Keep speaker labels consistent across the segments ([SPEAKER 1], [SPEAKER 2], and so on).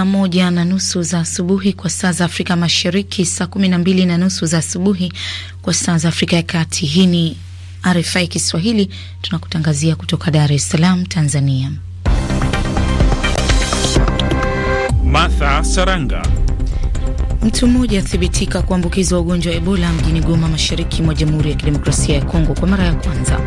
[SPEAKER 1] saa moja na nusu za asubuhi kwa saa za Afrika Mashariki, saa kumi na mbili na nusu za asubuhi kwa saa za Afrika ya Kati. Hii ni RFI Kiswahili, tunakutangazia kutoka Dar es Salaam, Tanzania.
[SPEAKER 2] Martha Saranga.
[SPEAKER 1] Mtu mmoja athibitika kuambukizwa ugonjwa wa Ebola mjini Goma, mashariki mwa Jamhuri ya Kidemokrasia ya Kongo kwa mara ya kwanza.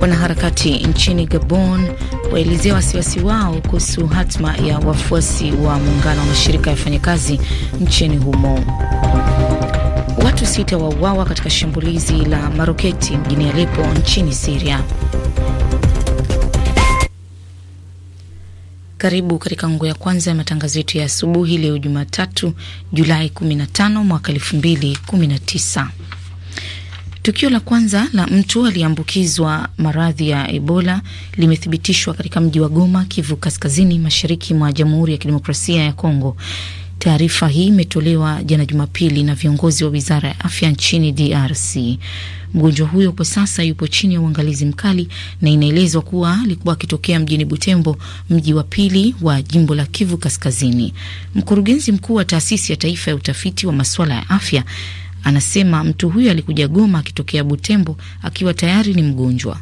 [SPEAKER 1] Wanaharakati nchini Gabon waelezea wasiwasi wao kuhusu hatma ya wafuasi wa muungano wa mashirika ya wafanyakazi nchini humo. Watu sita wauawa katika shambulizi la maroketi mjini Aleppo nchini siria Karibu katika nguo ya kwanza ya matangazo yetu ya asubuhi leo Jumatatu Julai 15 mwaka 2019. Tukio la kwanza la mtu aliyeambukizwa maradhi ya Ebola limethibitishwa katika mji wa Goma, Kivu Kaskazini, mashariki mwa Jamhuri ya Kidemokrasia ya Kongo. Taarifa hii imetolewa jana Jumapili na viongozi wa wizara ya afya nchini DRC. Mgonjwa huyo kwa sasa yupo chini ya uangalizi mkali na inaelezwa kuwa alikuwa akitokea mjini Butembo, mji wa pili wa jimbo la Kivu Kaskazini. Mkurugenzi mkuu wa taasisi ya taifa ya utafiti wa masuala ya afya Anasema mtu huyo alikuja Goma akitokea Butembo akiwa tayari ni mgonjwa.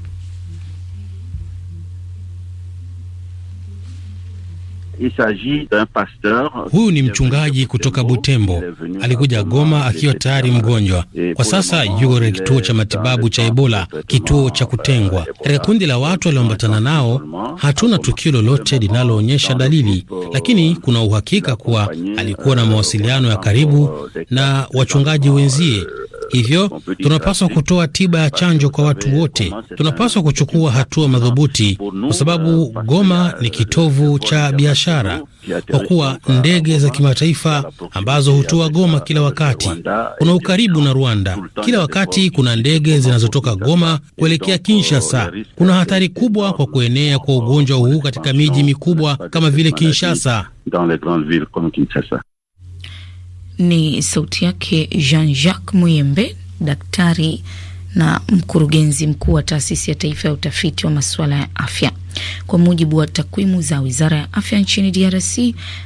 [SPEAKER 2] Huyu ni mchungaji kutoka Butembo, alikuja Goma akiwa tayari mgonjwa.
[SPEAKER 3] Kwa sasa
[SPEAKER 4] yuko katika kituo cha matibabu cha Ebola, kituo cha euh, kutengwa. Katika kundi la watu walioambatana nao, hatuna tukio lolote linaloonyesha dalili, euh, lakini kuna uhakika kuwa alikuwa euh, na mawasiliano ya karibu na wachungaji wenzie Hivyo tunapaswa kutoa tiba ya chanjo kwa watu wote. Tunapaswa kuchukua hatua madhubuti, kwa sababu Goma ni kitovu cha biashara, kwa kuwa ndege za kimataifa ambazo hutua Goma kila wakati. Kuna ukaribu na Rwanda, kila wakati kuna ndege zinazotoka Goma kuelekea Kinshasa. Kuna hatari kubwa kwa kuenea kwa ugonjwa huu katika miji mikubwa kama vile Kinshasa.
[SPEAKER 1] Ni sauti yake Jean-Jacques Muyembe, daktari na mkurugenzi mkuu wa taasisi ya taifa ya utafiti wa masuala ya afya. Kwa mujibu wa takwimu za wizara ya afya nchini DRC,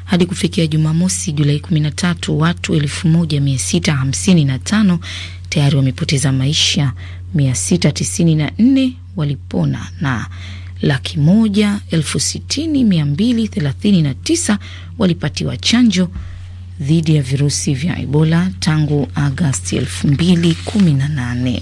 [SPEAKER 1] hadi kufikia Jumamosi Julai 13 watu 1655 tayari wamepoteza maisha, 694 walipona na laki moja elfu sitini mia mbili thelathini na tisa walipatiwa chanjo dhidi ya virusi vya Ebola tangu Agasti 2018.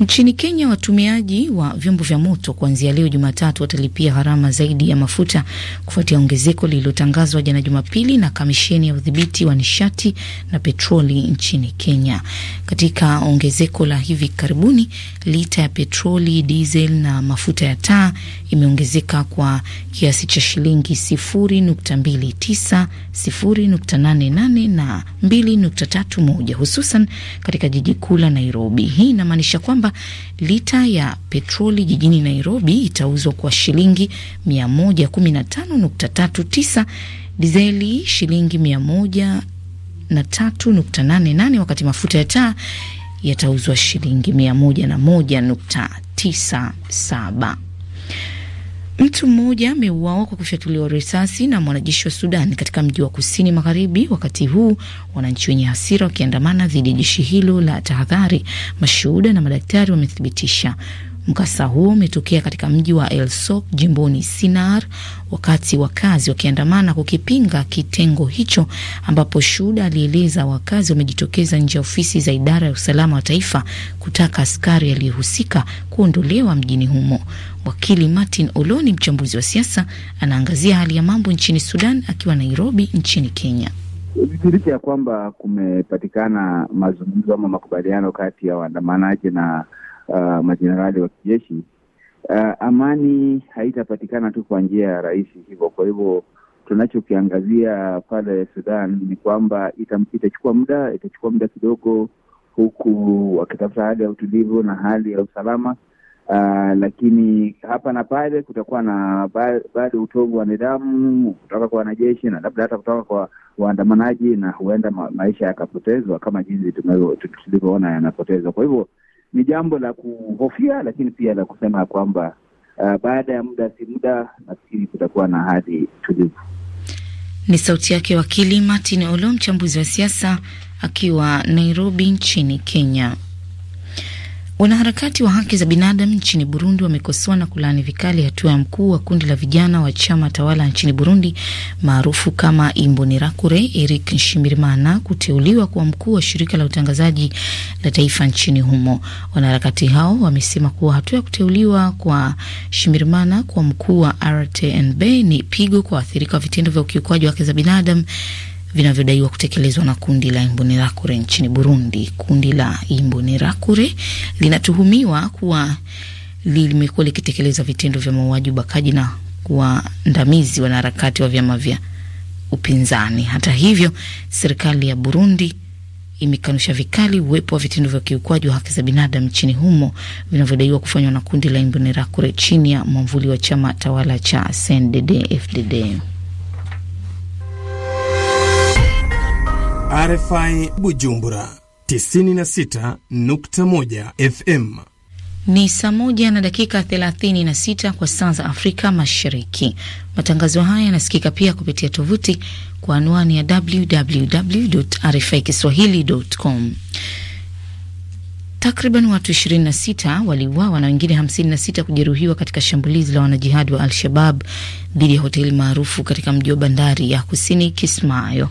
[SPEAKER 1] Nchini Kenya, watumiaji wa vyombo vya moto kuanzia leo Jumatatu watalipia gharama zaidi ya mafuta kufuatia ongezeko lililotangazwa jana Jumapili na kamisheni ya udhibiti wa nishati na petroli nchini Kenya. Katika ongezeko la hivi karibuni, lita ya petroli, diesel na mafuta ya taa imeongezeka kwa kiasi cha shilingi 0.29, 0.88 na 2.31, hususan katika jiji kuu la Nairobi. Hii inamaanisha kwamba kwamba lita ya petroli jijini Nairobi itauzwa kwa shilingi 115.39, dizeli shilingi 103.88, wakati mafuta ya taa yatauzwa shilingi 101.97. Mtu mmoja ameuawa kwa kufyatuliwa risasi na mwanajeshi wa Sudan katika mji wa kusini magharibi, wakati huu wananchi wenye hasira wakiandamana dhidi ya jeshi hilo la tahadhari, mashuhuda na madaktari wamethibitisha. Mkasa huo umetokea katika mji wa El Sok jimboni Sinar, wakati wakazi wakiandamana kukipinga kitengo hicho, ambapo shuhuda alieleza wakazi wamejitokeza nje ya ofisi za idara ya usalama wa taifa kutaka askari aliyehusika kuondolewa mjini humo. Wakili Martin oloni mchambuzi wa siasa, anaangazia hali ya mambo nchini Sudan akiwa Nairobi nchini Kenya.
[SPEAKER 2] Licha ya kwamba kumepatikana mazungumzo ama makubaliano kati ya waandamanaji na uh, majenerali wa kijeshi uh, amani haitapatikana tu kwa njia ya rahisi hivyo. Kwa hivyo tunachokiangazia pale Sudan ni kwamba itachukua muda, itachukua muda kidogo, huku wakitafuta hali ya utulivu na hali ya usalama Uh, lakini hapa na pale kutakuwa na bado utovu wa nidhamu kutoka kwa wanajeshi na labda hata kutoka kwa waandamanaji, na huenda ma maisha yakapotezwa kama jinsi tulivyoona yanapotezwa. Kwa hivyo ni jambo la kuhofia, lakini pia la kusema kwamba uh, baada ya muda si muda, nafikiri kutakuwa na hali tulivu.
[SPEAKER 1] Ni sauti yake wakili Martin Olo, mchambuzi wa siasa akiwa Nairobi nchini Kenya. Wanaharakati wa haki za binadamu nchini Burundi wamekosoa na kulaani vikali hatua ya mkuu wa kundi la vijana wa chama tawala nchini Burundi maarufu kama Imbonerakure Eric Nshimirimana kuteuliwa kuwa mkuu wa shirika la utangazaji la taifa nchini humo. Wanaharakati hao wamesema kuwa hatua ya kuteuliwa kwa Shimirimana kuwa mkuu wa RTNB ni pigo kwa waathirika wa vitendo vya ukiukwaji wa haki za binadamu vinavyodaiwa kutekelezwa na kundi la Imbonerakure nchini Burundi. Kundi la Imbonerakure linatuhumiwa kuwa limekuwa likitekeleza vitendo vya mauaji, ubakaji na kuwaandamizi wanaharakati wa vyama vya upinzani. Hata hivyo, serikali ya Burundi imekanusha vikali uwepo wa vitendo vya kiukwaji wa haki za binadamu nchini humo vinavyodaiwa kufanywa na kundi la Imbonerakure chini ya mwamvuli wa chama tawala cha CNDD-FDD.
[SPEAKER 2] RFI Bujumbura 96.1
[SPEAKER 5] FM.
[SPEAKER 1] Ni saa moja na dakika 36 kwa saa za Afrika Mashariki. Matangazo haya yanasikika pia kupitia tovuti kwa anwani ya www.rfikiswahili.com. Takriban watu 26 waliuawa na wengine 56 kujeruhiwa katika shambulizi la wanajihadi wa Al-Shabab dhidi ya hoteli maarufu katika mji wa bandari ya kusini Kismayo.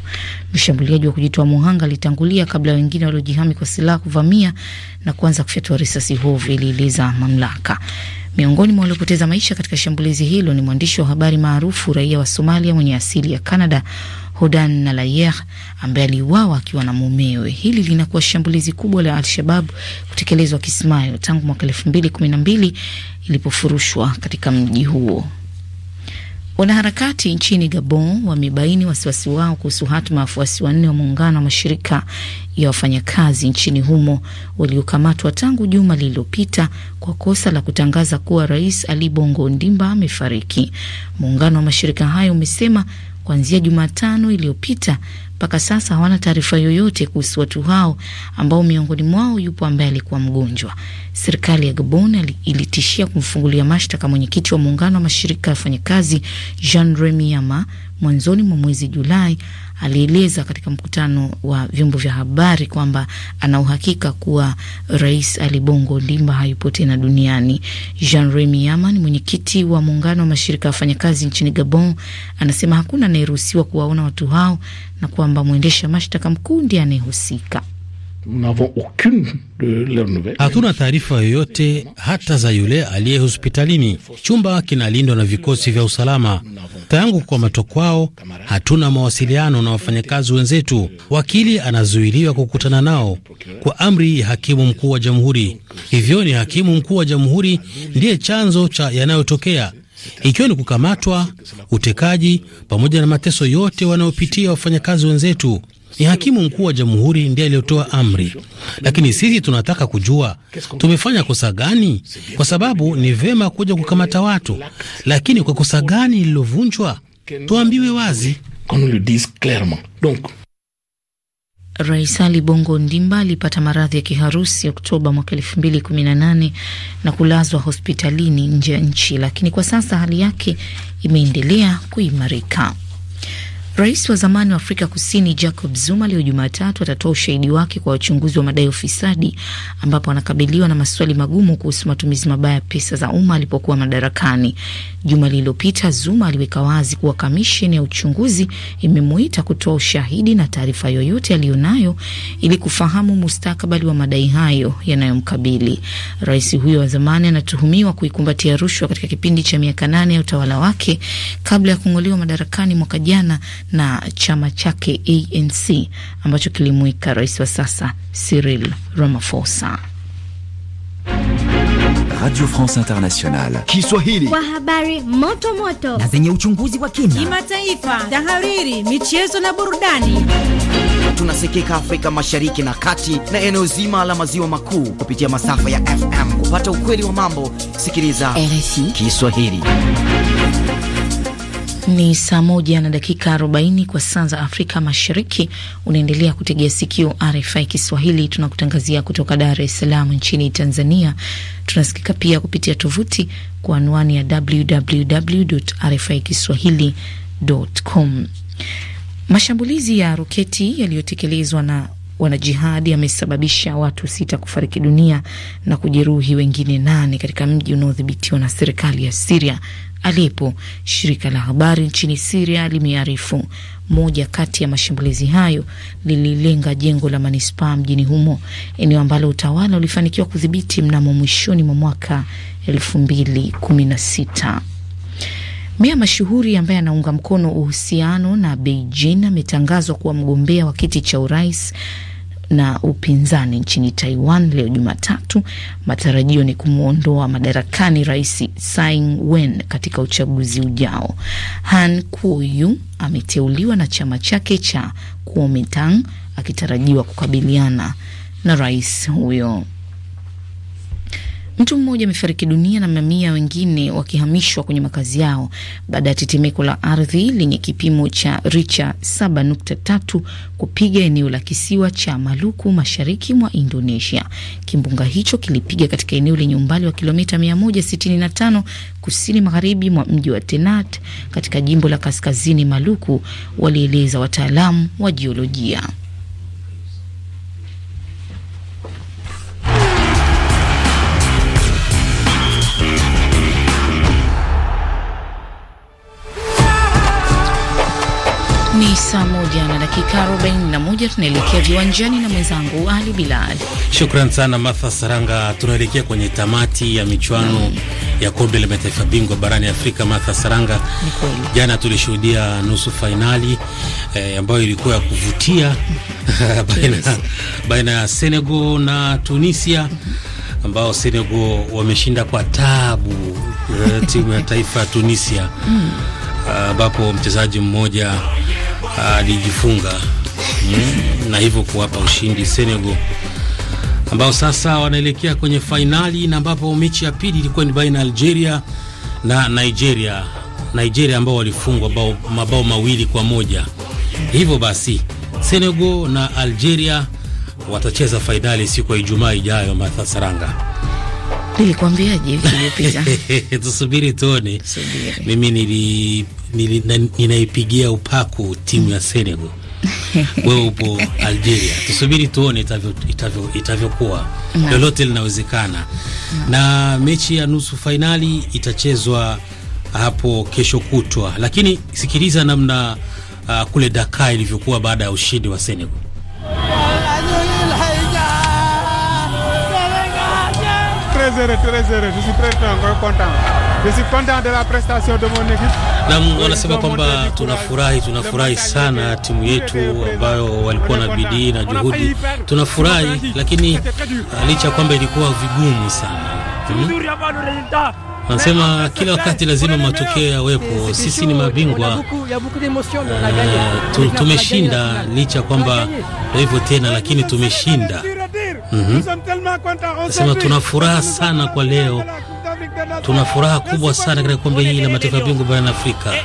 [SPEAKER 1] Mshambuliaji wa kujitoa muhanga alitangulia kabla wengine waliojihami kwa silaha kuvamia na kuanza kufyatua risasi hovu, ilieleza mamlaka. Miongoni mwa waliopoteza maisha katika shambulizi hilo ni mwandishi wa habari maarufu raia wa Somalia mwenye asili ya Canada Hodan na Layer ambaye aliuawa akiwa na mumewe. Hili linakuwa shambulizi kubwa la Al-Shabab kutekelezwa Kismayo tangu mwaka elfu mbili kumi na mbili ilipofurushwa katika mji huo. Wanaharakati nchini Gabon wamebaini wasiwasi wao kuhusu hatma ya wafuasi wanne wa muungano wa mashirika ya wafanyakazi nchini humo waliokamatwa tangu juma lililopita kwa kosa la kutangaza kuwa Rais Ali Bongo Ondimba amefariki. Muungano wa mashirika hayo umesema kuanzia Jumatano iliyopita. Mpaka sasa hawana taarifa yoyote kuhusu watu hao ambao miongoni mwao yupo ambaye alikuwa mgonjwa. Serikali ya Gabon ilitishia kumfungulia mashtaka mwenyekiti wa muungano wa mashirika ya wafanyakazi Jean Remi Yama mwanzoni mwa mwezi Julai alieleza katika mkutano wa vyombo vya habari kwamba ana uhakika kuwa Rais Ali Bongo Ndimba hayupo tena duniani. Jean Remy Yama ni mwenyekiti wa muungano wa mashirika ya wafanyakazi nchini Gabon, anasema hakuna anayeruhusiwa kuwaona watu hao na kwamba mwendesha mashtaka mkuu ndiye anayehusika.
[SPEAKER 4] Hatuna taarifa yoyote hata za yule aliye hospitalini. Chumba kinalindwa na vikosi vya usalama. Tangu kukamatwa kwao, hatuna mawasiliano na wafanyakazi wenzetu. Wakili anazuiliwa kukutana nao kwa amri ya hakimu mkuu wa jamhuri. Hivyo ni hakimu mkuu wa jamhuri ndiye chanzo cha yanayotokea ikiwa ni kukamatwa, utekaji pamoja na mateso yote wanayopitia wafanyakazi wenzetu. Ni hakimu mkuu wa jamhuri ndiye aliyotoa amri, lakini sisi tunataka kujua tumefanya kosa gani, kwa sababu ni vema kuja kukamata watu, lakini kwa kosa gani lililovunjwa, tuambiwe wazi.
[SPEAKER 1] Rais Ali Bongo Ndimba alipata maradhi ya kiharusi Oktoba mwaka elfu mbili kumi na nane na kulazwa hospitalini nje ya nchi, lakini kwa sasa hali yake imeendelea kuimarika. Rais wa zamani wa Afrika Kusini Jacob Zuma leo Jumatatu atatoa ushahidi wake kwa wachunguzi wa madai ya ufisadi, ambapo anakabiliwa na maswali magumu kuhusu matumizi mabaya ya pesa za umma alipokuwa madarakani. Juma lililopita, Zuma aliweka wazi kuwa kamisheni ya uchunguzi imemuita kutoa ushahidi na taarifa yoyote aliyonayo ili kufahamu mustakabali wa madai hayo yanayomkabili. Rais huyo wa zamani anatuhumiwa kuikumbatia rushwa katika kipindi cha miaka nane ya utawala wake kabla ya kung'olewa madarakani mwaka jana na chama chake ANC ambacho kilimwika rais wa sasa Cyril Ramaphosa. Radio France Internationale Kiswahili
[SPEAKER 6] kwa habari moto moto na zenye uchunguzi wa kina, kimataifa, tahariri, michezo na burudani. Tunasikika Afrika Mashariki na Kati na eneo zima la maziwa makuu kupitia masafa ya FM. Kupata ukweli wa mambo, sikiliza RFI Kiswahili.
[SPEAKER 1] Ni saa moja na dakika 40 kwa saa za Afrika Mashariki. Unaendelea kutegea sikio RFI Kiswahili, tunakutangazia kutoka Dar es Salaam nchini Tanzania. Tunasikika pia kupitia tovuti kwa anwani ya www RFI kiswahilicom. Mashambulizi ya roketi yaliyotekelezwa na wanajihadi amesababisha watu sita kufariki dunia na kujeruhi wengine nane katika mji unaodhibitiwa na serikali ya Siria alipo. Shirika la habari nchini Siria limearifu moja kati ya mashambulizi hayo lililenga jengo la manispaa mjini humo, eneo ambalo utawala ulifanikiwa kudhibiti mnamo mwishoni mwa mwaka 2016. Meya mashuhuri ambaye anaunga mkono uhusiano na Beijing ametangazwa kuwa mgombea wa kiti cha urais na upinzani nchini Taiwan leo Jumatatu. Matarajio ni kumwondoa madarakani Rais Tsai Ing-wen katika uchaguzi ujao. Han Kuo-yu ameteuliwa na chama chake cha Kuomintang akitarajiwa kukabiliana na rais huyo. Mtu mmoja amefariki dunia na mamia wengine wakihamishwa kwenye makazi yao baada ya tetemeko la ardhi lenye kipimo cha richa 7.3 kupiga eneo la kisiwa cha Maluku mashariki mwa Indonesia. Kimbunga hicho kilipiga katika eneo lenye umbali wa kilomita 165 kusini magharibi mwa mji wa Tenat katika jimbo la kaskazini Maluku, walieleza wataalamu wa jiolojia. Ni saa moja na dakika moja tunaelekea viwanjani na mwenzangu Ali Bilal.
[SPEAKER 4] Shukran sana Martha Saranga. Tunaelekea kwenye tamati ya michuano mm, ya kombe la mataifa bingwa barani Afrika. Martha Saranga, jana tulishuhudia nusu fainali eh, ambayo ilikuwa ya kuvutia baina, baina ya Senegal na Tunisia ambao Senegal wameshinda kwa tabu eh, timu ya taifa ya Tunisia mm. ambapo mm. uh, mchezaji mmoja alijifunga mm, na hivyo kuwapa ushindi Senegal ambao sasa wanaelekea kwenye fainali na ambapo mechi ya pili ilikuwa ni baina ya Algeria na Nigeria. Nigeria ambao walifungwa mabao mawili kwa moja. Hivyo basi Senegal na Algeria watacheza fainali siku ya Ijumaa ijayo. Martha Saranga,
[SPEAKER 1] nilikwambiaje?
[SPEAKER 4] Tusubiri tuone. Mimi nili ninaipigia upaku timu ya Senegal. Wewe upo Algeria, tusubiri tuone itavyokuwa itavyo, itavyo lolote linawezekana. Na mechi ya nusu fainali itachezwa hapo kesho kutwa, lakini sikiliza namna uh, kule Dakar ilivyokuwa baada ya ushindi wa Senegal. Nam wanasema kwamba tunafurahi, tunafurahi sana timu yetu ambayo walikuwa na bidii na juhudi, tunafurahi lakini licha ya kwamba ilikuwa vigumu sana Anasema kila wakati lazima matokeo yawepo. Sisi ni mabingwa,
[SPEAKER 5] uh, tumeshinda
[SPEAKER 4] licha kwamba ndio hivyo tena, lakini tumeshinda.
[SPEAKER 5] Anasema
[SPEAKER 4] mm -hmm. Tuna furaha sana kwa leo Tuna furaha kubwa sana katika kombe hili la mataifa ya bingwa barani Afrika. Eh,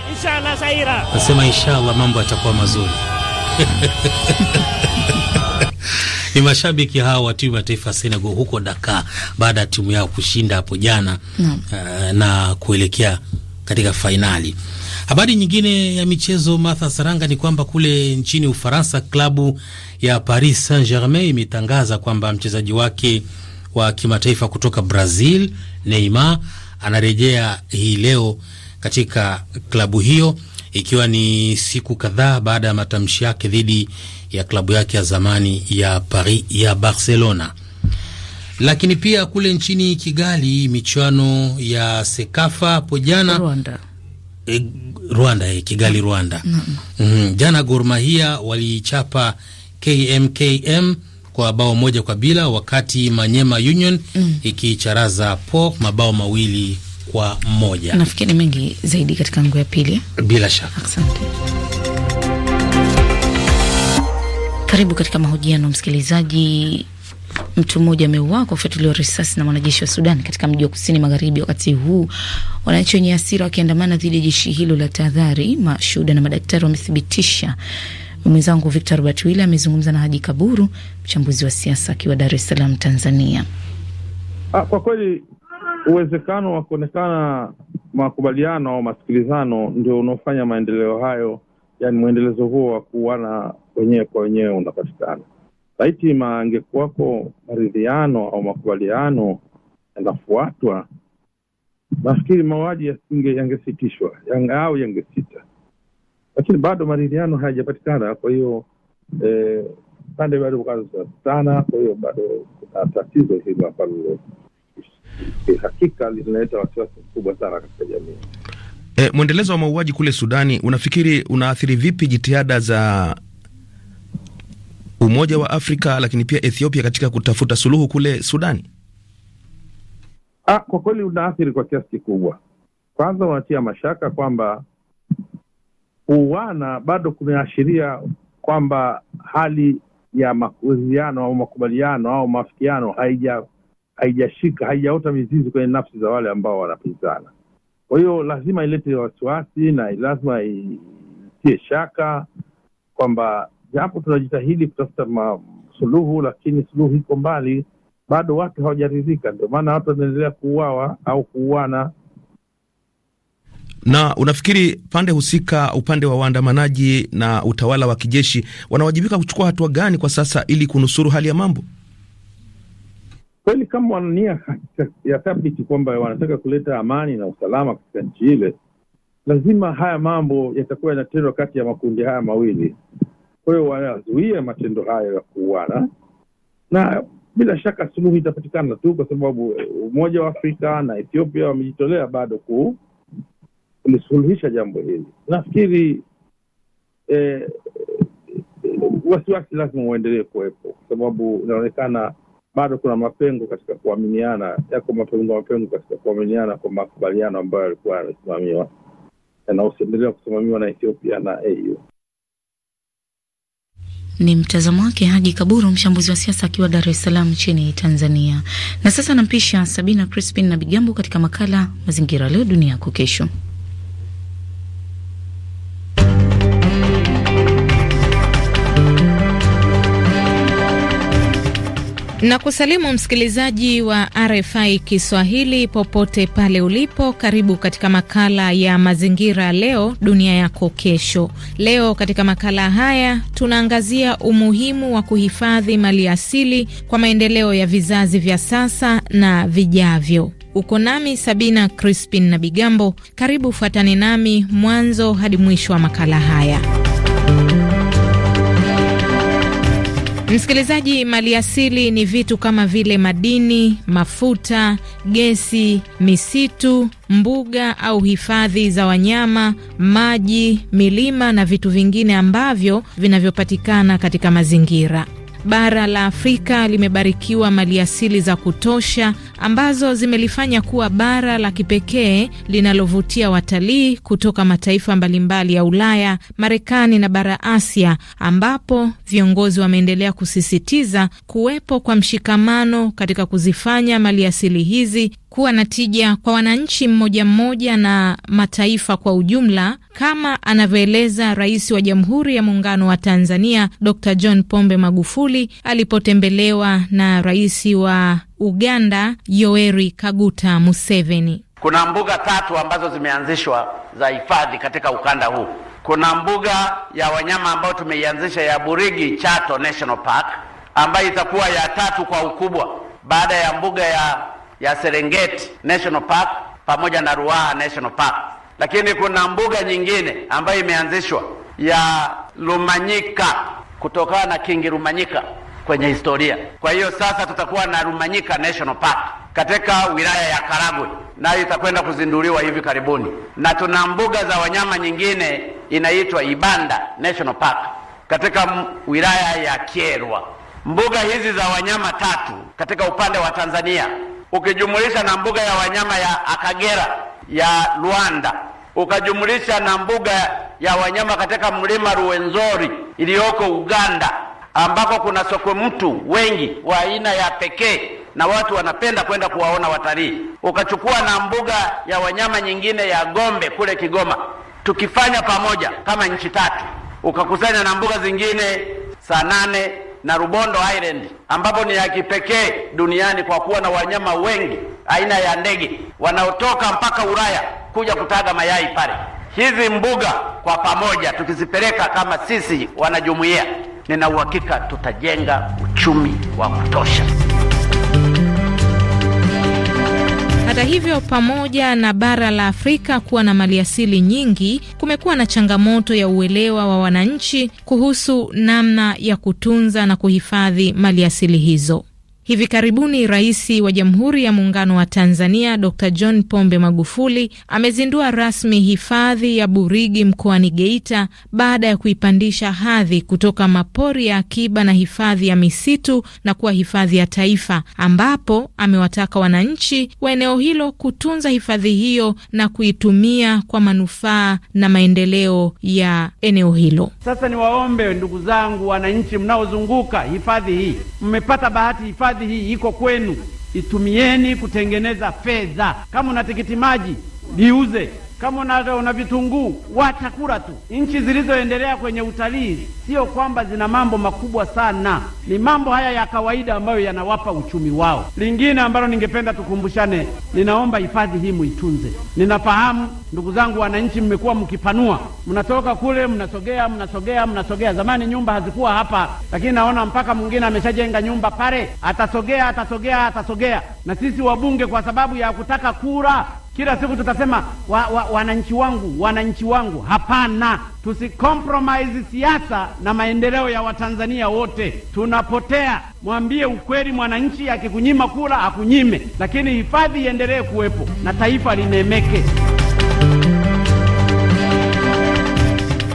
[SPEAKER 4] Nasema inshallah mambo yatakuwa mazuri. Ni mashabiki hawa wa timu ya taifa Senegal huko Dakar baada ya timu yao kushinda hapo jana na, uh, eh, na kuelekea katika fainali. Habari nyingine ya michezo, Martha Saranga, ni kwamba kule nchini Ufaransa klabu ya Paris Saint-Germain imetangaza kwamba mchezaji wake wa kimataifa kutoka Brazil Neymar anarejea hii leo katika klabu hiyo ikiwa ni siku kadhaa baada ya matamshi yake dhidi ya klabu yake ya zamani ya Paris ya Barcelona. Lakini pia kule nchini Kigali, michuano ya Sekafa hapo jana Rwanda, e, Rwanda e, Kigali Rwanda. Mm -mm. jana Gor Mahia walichapa KMKM kwa bao moja kwa bila, wakati Manyema Union mm. ikicharaza po mabao mawili kwa moja.
[SPEAKER 1] Nafikiri mengi zaidi katika nguo ya pili, bila shaka. Asante. Karibu katika mahojiano msikilizaji. Mtu mmoja ameuawa kwa kufyatuliwa risasi na mwanajeshi wa Sudan katika mji wa kusini magharibi, wakati huu wananchi wenye hasira wakiandamana dhidi ya jeshi hilo la tahadhari. Mashuhuda na madaktari wamethibitisha Mwenzangu Victor Robert Wille amezungumza na Haji Kaburu, mchambuzi wa siasa akiwa Dar es Salaam, Tanzania.
[SPEAKER 2] Ha, ah, kwa kweli uwezekano wa kuonekana makubaliano au masikilizano ndio unaofanya maendeleo hayo, yani mwendelezo huo wa kuuana wenyewe kwa wenyewe unapatikana. Laiti mangekuwako maridhiano au makubaliano yanafuatwa, nafikiri mauaji yangesitishwa yang, au yangesita lakini bado maridhiano hayajapatikana. Kwa hiyo eh, pande bado sana, Kwa hiyo bado kuna tatizo hilo ambalo hakika linaleta wasiwasi mkubwa sana katika jamii.
[SPEAKER 5] E, mwendelezo wa mauaji kule Sudani unafikiri unaathiri vipi jitihada za Umoja wa Afrika lakini pia Ethiopia katika kutafuta suluhu kule
[SPEAKER 2] Sudani? Ah, kwa kweli unaathiri kwa kiasi kikubwa. Kwanza unatia mashaka kwamba kuuana bado kunaashiria kwamba hali ya mauziano au makubaliano au maafikiano haija haijashika haijaota mizizi kwenye nafsi za wale ambao wanapinzana. Kwa hiyo lazima ilete wasiwasi na lazima itie shaka kwamba japo tunajitahidi kutafuta suluhu, lakini suluhu iko mbali, bado watu hawajaridhika. Ndio maana watu wanaendelea kuuawa au kuuana
[SPEAKER 5] na unafikiri pande husika, upande wa waandamanaji na utawala wa kijeshi, wanawajibika kuchukua hatua gani kwa sasa ili kunusuru hali ya mambo?
[SPEAKER 2] Kweli, kama wana nia ya thabiti kwamba wanataka kuleta amani na usalama katika nchi ile, lazima haya mambo yatakuwa yanatendwa kati ya makundi haya mawili. Kwa hiyo wanazuia matendo hayo ya kuuana, na bila shaka suluhu itapatikana tu, kwa sababu Umoja wa Afrika na Ethiopia wamejitolea bado kuu kulisuluhisha jambo hili. Nafikiri eh, wasiwasi lazima uendelee kuwepo, kwa sababu inaonekana bado kuna mapengo katika kuaminiana, yako mapengo mapengo katika kuaminiana kwa makubaliano ambayo yalikuwa yamesimamiwa yanaoendelea kusimamiwa na Ethiopia na AU.
[SPEAKER 1] Ni mtazamo wake Haji Kaburu, mchambuzi wa siasa akiwa Dar es Salaam nchini Tanzania. Na sasa nampisha Sabina Crispin na Bigambo katika makala Mazingira Leo Dunia Yako Kesho.
[SPEAKER 6] Na kusalimu msikilizaji wa RFI Kiswahili popote pale ulipo, karibu katika makala ya mazingira leo dunia yako kesho. Leo katika makala haya tunaangazia umuhimu wa kuhifadhi mali asili kwa maendeleo ya vizazi vya sasa na vijavyo. Uko nami Sabina Crispin na Bigambo, karibu fuatane nami mwanzo hadi mwisho wa makala haya. Msikilizaji, mali asili ni vitu kama vile madini, mafuta, gesi, misitu, mbuga au hifadhi za wanyama, maji, milima na vitu vingine ambavyo vinavyopatikana katika mazingira. Bara la Afrika limebarikiwa maliasili za kutosha ambazo zimelifanya kuwa bara la kipekee linalovutia watalii kutoka mataifa mbalimbali ya Ulaya, Marekani na bara Asia, ambapo viongozi wameendelea kusisitiza kuwepo kwa mshikamano katika kuzifanya maliasili hizi kuwa na tija kwa wananchi mmoja mmoja na mataifa kwa ujumla, kama anavyoeleza Rais wa Jamhuri ya Muungano wa Tanzania Dr. John Pombe Magufuli alipotembelewa na Rais wa Uganda Yoweri Kaguta Museveni.
[SPEAKER 3] Kuna mbuga tatu ambazo zimeanzishwa za hifadhi katika ukanda huu. Kuna mbuga ya wanyama ambayo tumeianzisha ya Burigi Chato National Park ambayo itakuwa ya tatu kwa ukubwa baada ya mbuga ya, ya Serengeti National Park pamoja na Ruaha National Park. Lakini kuna mbuga nyingine ambayo imeanzishwa ya Lumanyika kutokana na Kingi Rumanyika kwenye historia. Kwa hiyo sasa tutakuwa na Rumanyika National Park katika wilaya ya Karagwe, nayo itakwenda kuzinduliwa hivi karibuni, na tuna mbuga za wanyama nyingine inaitwa Ibanda National Park katika wilaya ya Kyerwa. Mbuga hizi za wanyama tatu katika upande wa Tanzania ukijumulisha na mbuga ya wanyama ya Akagera ya Rwanda ukajumulisha na mbuga ya wanyama katika mlima Ruwenzori iliyoko Uganda ambako kuna sokwe mtu wengi wa aina ya pekee na watu wanapenda kwenda kuwaona watalii. Ukachukua na mbuga ya wanyama nyingine ya Gombe kule Kigoma, tukifanya pamoja kama nchi tatu, ukakusanya na mbuga zingine saa nane na Rubondo Island ambapo ni ya kipekee duniani kwa kuwa na wanyama wengi aina ya ndege wanaotoka mpaka Ulaya kuja kutaga mayai pale. Hizi mbuga kwa pamoja tukizipeleka kama sisi wanajumuiya Nina uhakika tutajenga uchumi wa kutosha.
[SPEAKER 6] Hata hivyo, pamoja na bara la Afrika kuwa na maliasili nyingi, kumekuwa na changamoto ya uelewa wa wananchi kuhusu namna ya kutunza na kuhifadhi maliasili hizo. Hivi karibuni Rais wa Jamhuri ya Muungano wa Tanzania Dr John Pombe Magufuli amezindua rasmi hifadhi ya Burigi mkoani Geita baada ya kuipandisha hadhi kutoka mapori ya akiba na hifadhi ya misitu na kuwa hifadhi ya taifa, ambapo amewataka wananchi wa eneo hilo kutunza hifadhi hiyo na kuitumia kwa manufaa na maendeleo ya eneo hilo.
[SPEAKER 3] Sasa niwaombe ndugu zangu wananchi mnaozunguka hifadhi hii, mmepata bahati hifadhi ardhi hii iko kwenu, itumieni kutengeneza fedha. Kama una tikiti maji liuze. Kama una, una vitunguu watakula tu. Nchi zilizoendelea kwenye utalii sio kwamba zina mambo makubwa sana, ni mambo haya ya kawaida ambayo yanawapa uchumi wao. Lingine ambalo ningependa tukumbushane, ninaomba hifadhi hii muitunze. Ninafahamu ndugu zangu wananchi, mmekuwa mkipanua, mnatoka kule mnasogea, mnasogea, mnasogea. Zamani nyumba hazikuwa hapa, lakini naona mpaka mwingine ameshajenga nyumba pale, atasogea, atasogea, atasogea. Na sisi wabunge kwa sababu ya kutaka kura kila siku tutasema wa, wa, wananchi wangu wananchi wangu. Hapana, tusikompromise siasa na maendeleo ya Watanzania wote, tunapotea. Mwambie ukweli mwananchi, akikunyima kula akunyime, lakini hifadhi iendelee kuwepo na taifa linemeke.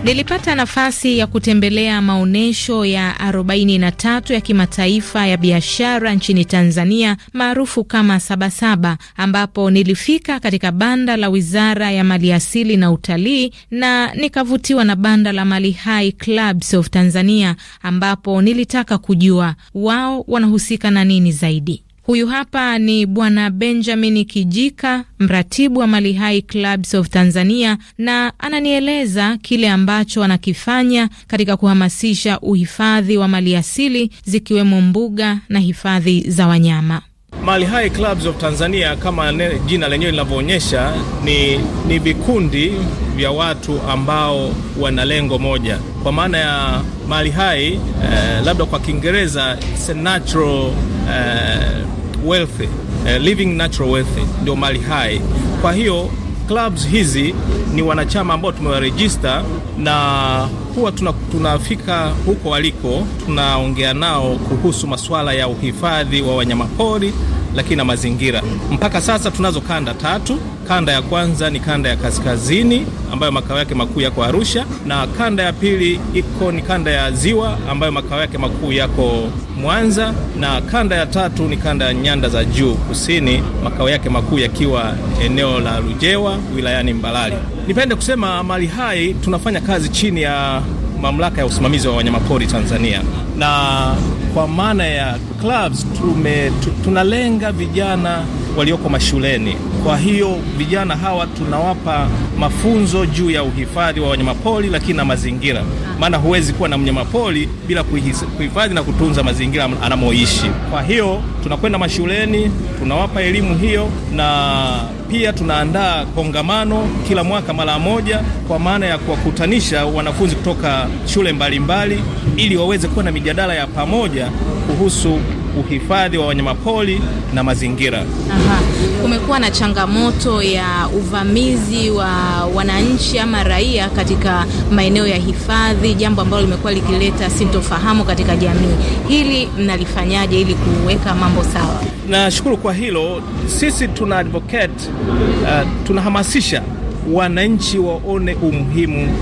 [SPEAKER 6] Nilipata nafasi ya kutembelea maonyesho ya 43 ya kimataifa ya biashara nchini Tanzania maarufu kama Sabasaba, ambapo nilifika katika banda la Wizara ya Maliasili na Utalii na nikavutiwa na banda la Mali Hai Clubs of Tanzania, ambapo nilitaka kujua wao wanahusika na nini zaidi. Huyu hapa ni Bwana Benjamin Kijika, mratibu wa Mali Hai Clubs of Tanzania, na ananieleza kile ambacho anakifanya katika kuhamasisha uhifadhi wa mali asili zikiwemo mbuga na hifadhi za wanyama.
[SPEAKER 5] Mali High Clubs of Tanzania kama jina lenyewe linavyoonyesha ni, ni vikundi vya watu ambao wana lengo moja, kwa maana ya mali hai eh, labda kwa Kiingereza natural eh, wealth eh, living natural wealth ndio mali hai. Kwa hiyo clubs hizi ni wanachama ambao tumewarejista na huwa tuna, tunafika huko waliko, tunaongea nao kuhusu masuala ya uhifadhi wa wanyamapori lakini na mazingira. Mpaka sasa tunazo kanda tatu. Kanda ya kwanza ni kanda ya kaskazini ambayo makao yake makuu yako Arusha, na kanda ya pili iko ni kanda ya ziwa ambayo makao yake makuu yako Mwanza, na kanda ya tatu ni kanda ya nyanda za juu kusini, makao yake makuu yakiwa eneo la Rujewa wilayani Mbalali. Nipende kusema mali hai tunafanya kazi chini ya mamlaka ya usimamizi wa wanyamapori Tanzania, na kwa maana ya clubs tume, tunalenga vijana walioko mashuleni. Kwa hiyo vijana hawa tunawapa mafunzo juu ya uhifadhi wa wanyamapori, lakini na mazingira, maana huwezi kuwa na mnyamapori bila kuhifadhi na kutunza mazingira anamoishi. Kwa hiyo tunakwenda mashuleni, tunawapa elimu hiyo, na pia tunaandaa kongamano kila mwaka mara moja, kwa maana ya kuwakutanisha wanafunzi kutoka shule mbalimbali mbali, ili waweze kuwa na mijadala ya pamoja kuhusu uhifadhi wa wanyamapori na mazingira. Aha.
[SPEAKER 6] Kumekuwa na changamoto ya uvamizi wa wananchi ama raia katika maeneo ya hifadhi, jambo ambalo limekuwa likileta sintofahamu katika jamii. Hili mnalifanyaje ili kuweka mambo sawa?
[SPEAKER 5] Nashukuru kwa hilo. Sisi tuna advocate, uh, tunahamasisha wananchi waone umuhimu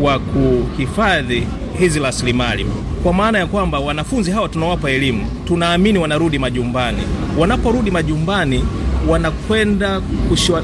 [SPEAKER 5] wa kuhifadhi hizi rasilimali, kwa maana ya kwamba wanafunzi hawa tunawapa elimu, tunaamini wanarudi majumbani. Wanaporudi majumbani, wanakwenda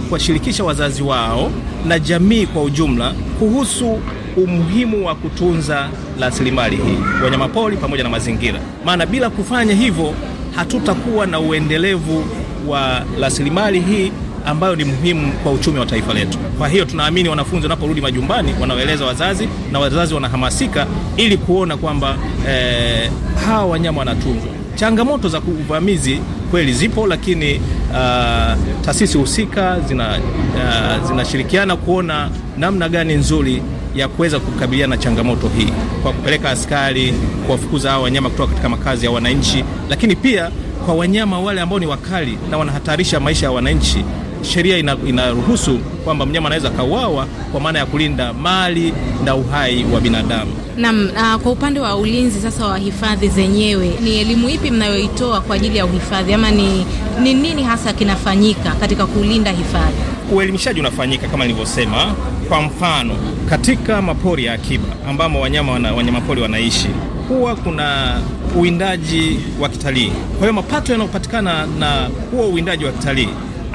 [SPEAKER 5] kuwashirikisha wazazi wao na jamii kwa ujumla kuhusu umuhimu wa kutunza rasilimali hii, wanyamapori pamoja na mazingira, maana bila kufanya hivyo hatutakuwa na uendelevu wa rasilimali hii ambayo ni muhimu kwa uchumi wa taifa letu. Kwa hiyo tunaamini wanafunzi wanaporudi majumbani wanaeleza wazazi na wazazi wanahamasika ili kuona kwamba eh, hawa wanyama wanatunzwa. Changamoto za uvamizi kweli zipo, lakini uh, taasisi husika zina, uh, zinashirikiana kuona namna gani nzuri ya kuweza kukabiliana na changamoto hii kwa kupeleka askari kuwafukuza hawa wanyama kutoka katika makazi ya wananchi, lakini pia kwa wanyama wale ambao ni wakali na wanahatarisha maisha ya wananchi sheria inaruhusu ina kwamba mnyama anaweza kauawa kwa maana ya kulinda mali na uhai wa binadamu.
[SPEAKER 6] Naam. Uh, kwa upande wa ulinzi sasa wa hifadhi zenyewe, ni elimu ipi mnayoitoa kwa ajili ya uhifadhi ama ni, ni nini hasa kinafanyika katika kulinda hifadhi?
[SPEAKER 5] Uelimishaji unafanyika kama nilivyosema, kwa mfano katika mapori ya akiba ambamo wanyama wana, wanyamapori wanaishi huwa kuna uwindaji wa kitalii. Kwa hiyo mapato yanayopatikana na huo uwindaji wa kitalii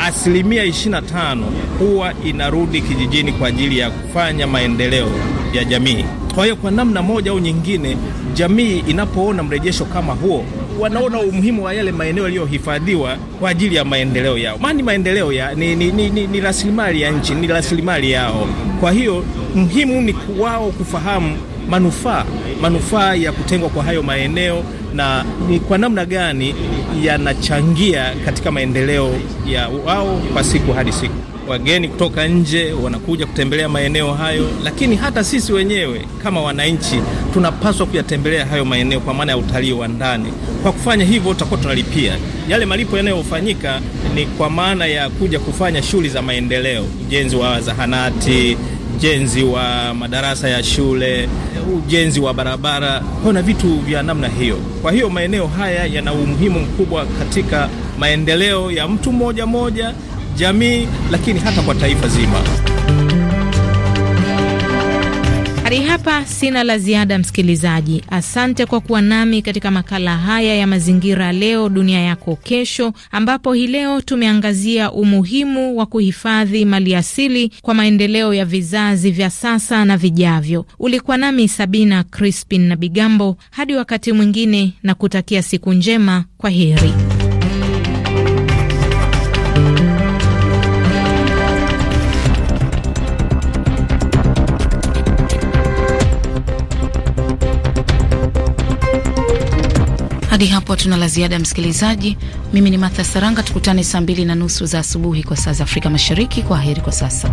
[SPEAKER 5] asilimia 25 huwa inarudi kijijini kwa ajili ya kufanya maendeleo ya jamii. Kwa hiyo kwa namna moja au nyingine, jamii inapoona mrejesho kama huo, wanaona umuhimu wa yale maeneo yaliyohifadhiwa kwa ajili ya maendeleo yao, maana maendeleo ya ni, ni, ni, ni, ni rasilimali ya nchi, ni rasilimali yao. Kwa hiyo muhimu ni wao kufahamu manufaa manufaa ya kutengwa kwa hayo maeneo na ni kwa namna gani yanachangia katika maendeleo ya wao kwa siku hadi siku. Wageni kutoka nje wanakuja kutembelea maeneo hayo, lakini hata sisi wenyewe kama wananchi tunapaswa kuyatembelea hayo maeneo kwa maana ya utalii wa ndani. Kwa kufanya hivyo, tutakuwa tunalipia yale malipo yanayofanyika, ni kwa maana ya kuja kufanya shughuli za maendeleo, ujenzi wa zahanati ujenzi wa madarasa ya shule, ujenzi wa barabara na vitu vya namna hiyo. Kwa hiyo maeneo haya yana umuhimu mkubwa katika maendeleo ya mtu mmoja mmoja, jamii, lakini hata kwa taifa zima.
[SPEAKER 6] Hadi hapa sina la ziada, msikilizaji. Asante kwa kuwa nami katika makala haya ya mazingira leo dunia yako kesho, ambapo hii leo tumeangazia umuhimu wa kuhifadhi mali asili kwa maendeleo ya vizazi vya sasa na vijavyo. Ulikuwa nami Sabina Crispin na Bigambo. Hadi wakati mwingine, na kutakia siku njema. Kwa heri.
[SPEAKER 1] Hadi hapo tuna la ziada, msikilizaji. Mimi ni Martha Saranga, tukutane saa mbili na nusu za asubuhi kwa saa za Afrika Mashariki. Kwa heri kwa sasa.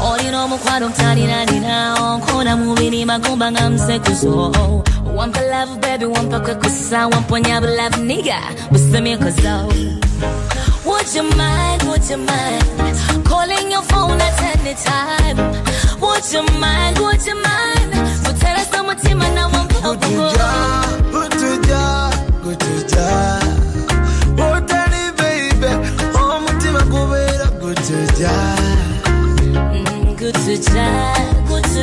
[SPEAKER 1] Olino mukwano kutalinalinao Nkona mubiri magumbanga msekuzo Wampa love baby wampa kwekusa Wamponya love nigga busemikozo Would you mind, would you mind Calling your phone at any time
[SPEAKER 6] Would you mind, would you mind Kutera samutima na wampa kwekusa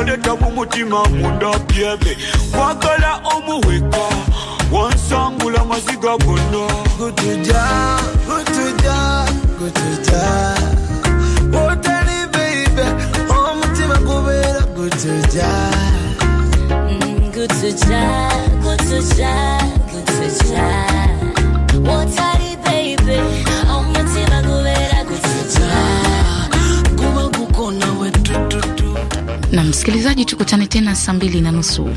[SPEAKER 3] oleka mumutima munda byebe wagala omuweka wansangula maziga gonna gutuja
[SPEAKER 6] gutuja gutuja otali omutima
[SPEAKER 1] na msikilizaji, tukutane tena saa mbili na nusu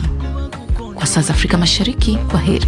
[SPEAKER 1] kwa saa za
[SPEAKER 6] Afrika Mashariki. Kwa heri.